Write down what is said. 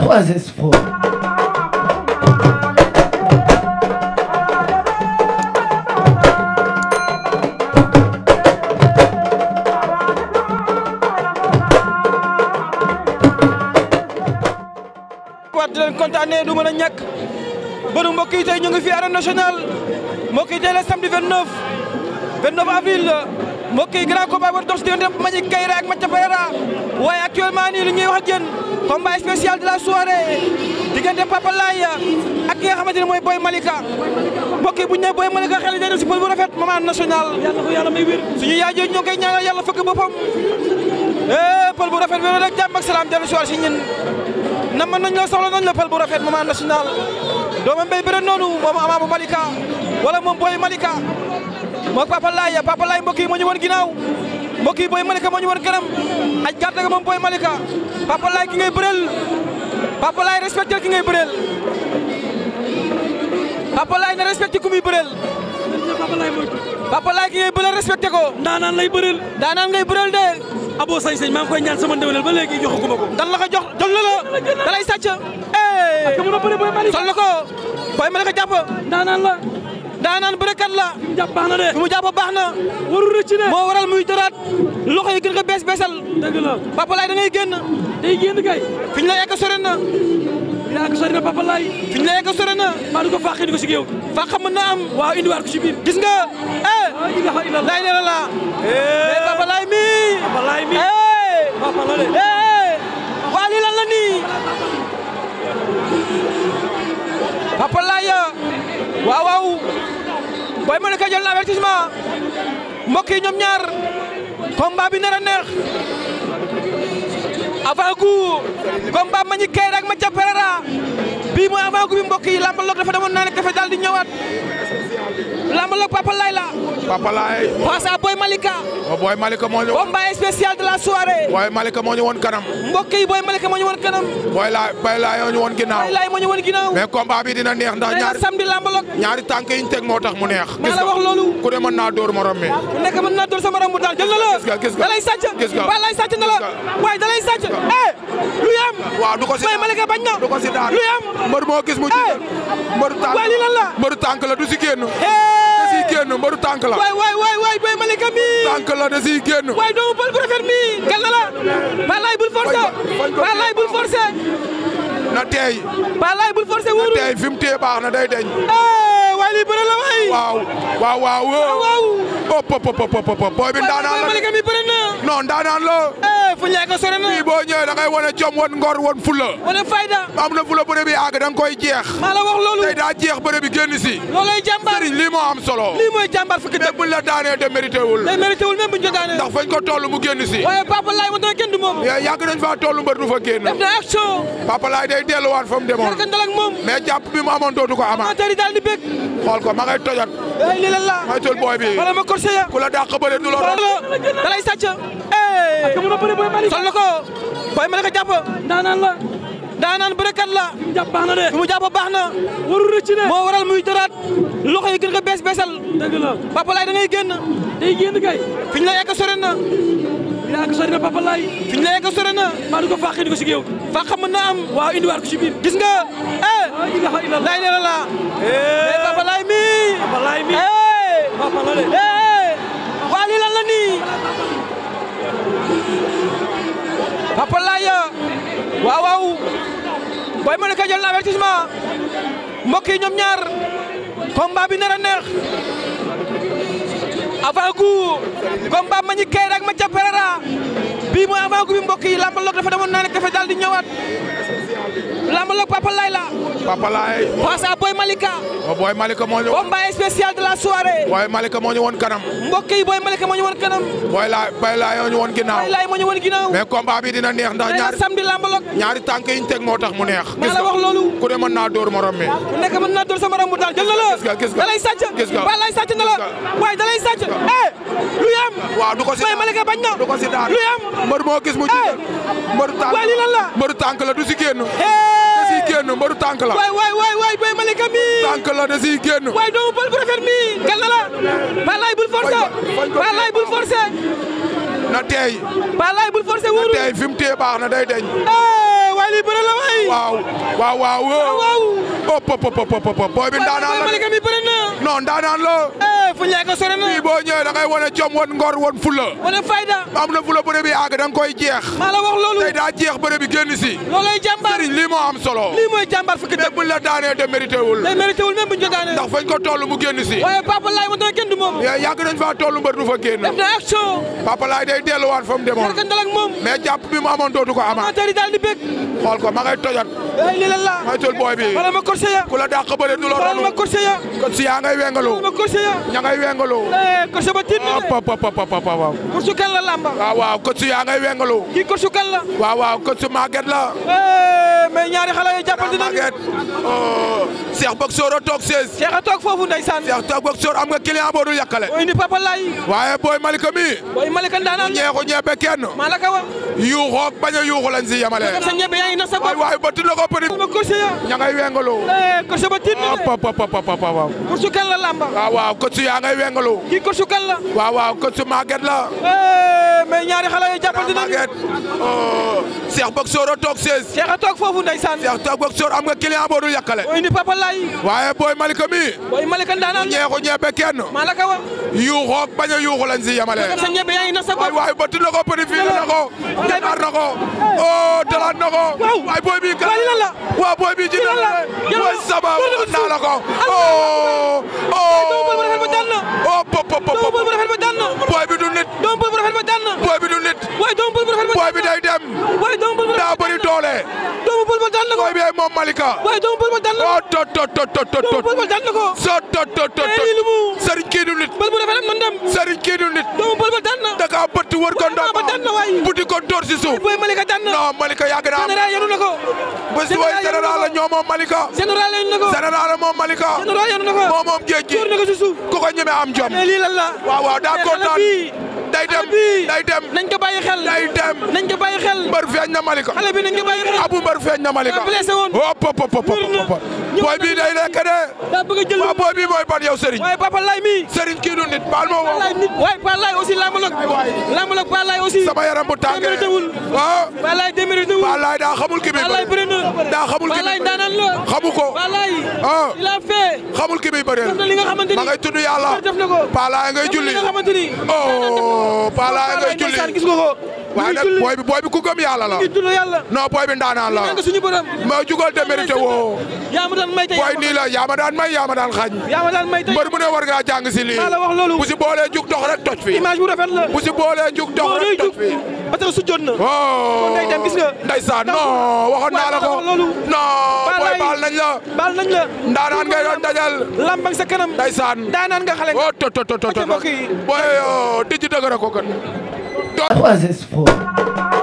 3S Pro. di leen kontaanee du mën a ñàkk bëru mbokk yi tey ñu fi arène nationale mbokk tey la samedi 29 29 avril la mbokk yi grand combat war dox si diggante Mbagnick Kaïré ak Mathia Pereira waaye actuellement nii li ñuy wax ak yéen combat spécial de la soirée diggante ak ki nga xamante ne mooy Boy Malika mbokk yi bu ñu nee Boy Malika xel day def si pël bu rafet moment national yàlla ko yàlla may wér suñu yaay jooju ñoo ngi koy ñaanal yàlla fëgg boppam eh, pël bu rafet wér rek jàmm ak salaam dellu soir si ñun nam nañ la soxla nañ la pël bu rafet moment national doomam mbéy bëre noonu moom Ama bu Malika wala moo Papa Laye Papa Laye mbokk yi moo ñu woon ginnaaw mbokk yi Boy Malika moo ñu woon kanam aj gàtt ga moom Boy Malika Papa Laye ki ngay bëreel Papa Laye ki ngay bëreel Papa Laye na respecté ku muy bëreel ki ngay bëreel respecté ko ndaanaan lay bëreel ndaanaan ngay bëreel de Abo Sañ Sañ maa ngi koy ñaan sama ndëwënal ba léegi joxaguma ko dan la ko jox dol la la da lay sàcc na ko Boy Malika jàpp daanaan bërëkat la fi mu jàpp baax na de fi mu jàpp baax na warul rëcc de moo waral muy daraat loxo yi gën ko bees beesal Papa Laye da ngay génn day génn kay fi ñu sore na yaa ngi sori na Papa Laye fi ñu la sore na maa du ko fàq indi ko na am gis nga eh lay eh! eh, mi Papa eh! lan la nii Papa Laye waaw waaw Boy Malika jël na avertissement mbokk yi ñoom ñaar combat bi nar a neex avant coup combat ma ñu kay rek ma ca bii mooy avant coup bi mbokk yi lamba loog dafa damoon naa nekk dafa daal di ñëwaat. lamb la Papa Layla. Papa Boy Malika. waaw oh, Boy Malika moo ñu. combat spécial de la Boy Malika moo ñu woon kanam. mbokk yi Boy Malika moo ñu woon kanam. Boy Lay Boy Lay moo ñu woon ginnaaw. Boy Lay moo ñu woon ginnaaw. mais combat neex ndax. ñaari samedi lamb ñaari tànk yi ñu teg moo tax mu neex. maa la wax loolu ku naa dóor morom mi. ku nekk mën naa dóor sa morom bu daal jël na la. gis nga gis lay sàcc. gis nga waaye lay sàcc na la eh, du ko si Boy Malika ko si daan lu yam. moo gis eh. tànk la du si génn. Eh. génn mbaru tànk la. waay waay waay waay Boy Malika mi. tànk la da siy génn. waay doomu pël bu rafet mi. gal na la. Palaay bul forcé Palaay bul forcé. na tey. Palaay bul forcé wóorul na tey fi mu tee baax na day deñ. waay lii bëre la waay. waaw waaw waaw. waaw waaw. hop hop hop hop booy bi ndaanaan la waay Boy Malika mi bëre na. non ndaanaan la. ñëwee fu ñu yàgg sori boo ñëwee da ngay wane jom wan ngor wan fula. wane fayda. am na fula bëre bi àgg da nga koy jeex. maa la loolu tey jeex bëre bi si. loolay jàmbaar sëriñ lii moo am solo. lii mooy jàmbaar fukki dëkk buñ la daanee de mérité wul. de mérité wul ndax fañ ko toll mu génn si. Papa Laye ma doon kenn du moom. yàgg nañ Papa Laye day delluwaat fa mu demoon. mais jàpp bi mu amoon dootu ko amaat. xool ko ma ngay tojat. lii la la. ma jël booy bi. ak ka mën a bëri Boy Malika sol na ko Boy Malika jàpp daanaan la daanaan bërekat la fi mu jàpp baax na de fi mu jàpp baax na waru rëcc de moo waral muy dëraat loxo yi gën ko bees beesal la Papa Laye da ngay génn day génn kay fi ñu la na fi ñu la yegg sori na Papa Laye fi ñu na maa du ko fàq indi ko si géew na am waaw indiwaat ko si biir gis nga eh lay leela la eh, eh Papa Laye mi Papa Laye mi eh! eh, la nii Papa Laye waaw waaw Boy Malika na avertissement mbokk yi ñoom ñaar combat bi nar a neex avant coup combat ma ñi kay rek ma ca perera bii mooy avant coup bi mbokk yi lamba loog dafa demoon naa ne kafe daal di ñëwaat lamb la Papa Laye la. Papa Laye. Boy Malika. waaw oh, Boy Malika moo ñu. combat spécial de la Boy Malika moo ñu woon kanam. mbokk yi Boy Malika moo ñu woon kanam. Boy Laye Boy Laye moo ñu woon ginnaaw. Boy Laye moo dina neex ndax. ñaari samedi lamb la. ñaari tànk yi ñu teg moo tax mu neex. maa la wax loolu. ku ne mën naa dóor morom mi. nekk mën naa dóor sa mu daal jël na la. gis nga gis nga da lay sàcc. gis nga waaye lay sàcc na la. Eh, du ko si daan Boy Malika ko si daan moo gis mu eh. jiital. mbëru tànk la du si génn. Eh. génn mbaru da siy génn. waay doomu pël bu rafet mii. gal na la. Palaay bul forcé. Palaay bul forcé. na teey. Palaay bul forcé wóorul baax na day deñ. Eh, waay la waay. waaw waaw waaw. hop hop hop hop booy bi ndaanaan la non ndaanaan la. Eh, fu ñu ko sore na. fii boo ñëwee da ngay wane jom wan ngor wan fula. wane fayda. am na fula bëre bi àgg da nga koy jeex. maa la wax loolu tey daa jeex bëre bi génn si. loolay jàmbaar sëriñ lii moo am solo. lii mooy jàmbaar fukki dëkk. même bu ñu la daanee de mérité wul. de mérité wul même bu ñu ko daanee. ndax fañ ko toll mu génn si. waaye Papa Laye ma doon kenn du moom. yàgg nañ faa toll mbër du fa génn. def na action. Papa Laye day delluwaat fa mu demoon. mais jàpp bi mu amoon dootu ko amaat. xool ko ma ngay tojat illallah moytul booy bi wala ma course ya ku la dàq bëre du la ronu ma course ya course yaa ngay wengaloo ma course ya ña ngay papa papa papa waaw course la lamba waaw waaw course yaa ngay wengaloo kii course kan la waaw waaw course Maguette la eh mais ñaari xale yu jàppante nañu Maguette oh Cheikh Boxor a toog 16 Cheikh a toog foofu am nga client boo dul yàqale indi papa lay waaye booy Malika mi booy Malika ndaanaan ñeexu ñebe kenn malaka wa a yuuxu lañ si yamale sa ñebe yaa ngi ma coach ya ña ngay wengaloo eh, coach ba tin waaw coach kan la lamba waaw ah, waaw coach yaa ngay wengaloo kii coach kan la waaw waaw coach Maguette la eh. mais ñaari xale yi jàppante nañu. Oh, Cheikh Boxor a toog 16. Cheikh a toog foofu ndeysaan. Cheikh toog Boxor am nga client boo dul indi Papa waaye booy Malika mi. booy Malika ndaanaan ñeexu ñebe kenn. Malaka wa. yuuxoog bañ a yuuxu lañ si sabab naa la ko. daa bëri doole. doomu pël ba daan na ko. booy bi moom Malika. waaye doomu pël ba daan na ko. oh tot tot sëriñ kii nit. pël bu rafet man dem. sëriñ kii du nit. doomu ma buddi ko dóor si suuf. booy Malika daan na. non Malika yàgg naa. général yanu na ko. bés booy général gi. dóor ko si am jom. mais daa kontaan day dem day dem nañ ko bàyyi xel day dem nañ ko bàyyi xel mbër feeñ na Malika xale bi nañ ko bàyyi xel abu mbër feeñ na Malika blessé woon hop hop hop boy bi day lekk de daa bëgg a jël boy bi mooy ban yow Serigne waaye Papa Lay mi Serigne kii du nit baal ma woo waaye Papa Lay aussi Lamalok Lamalok Balaye aussi. sama yaram bu tàngee démérité wul. waaw Balaye démérité wul. Balaye daa xamul ki muy bëree. Balaye bëri na daa xamul ki muy bëree. Balaye daanaan la. xamu ko Balaye. ah il a fait. xamul ki muy bëree. def na li nga xamante ni ma ngay tudd yàlla. def na ko Balaye ngay julli. def na li nga xamante ni. oh Balaye ngay julli Balaye gis nga ko. waaye nag booy bi booy bi ku gëm yàlla la. non booy bi ndaanaan la. ma jugal démérité woo. booy nii la yaa ma daan may yaa ma daan xañ. mbër mu ne war ngaa jàng si lii. bu si boolee jug dox rek toj fi. rafet la bu si boolee jug dox rek dox bi parce que su jot na oh. kon day dem gis nga ndeysaan non waxoon naa la ko non booy baal nañ la baal nañ la ndaanaan nga doon dajal lambang sa kanam ndeysaan ndaanaan nga xale o to to to to booy oh, dijj dëgër ko gën 3 espoirs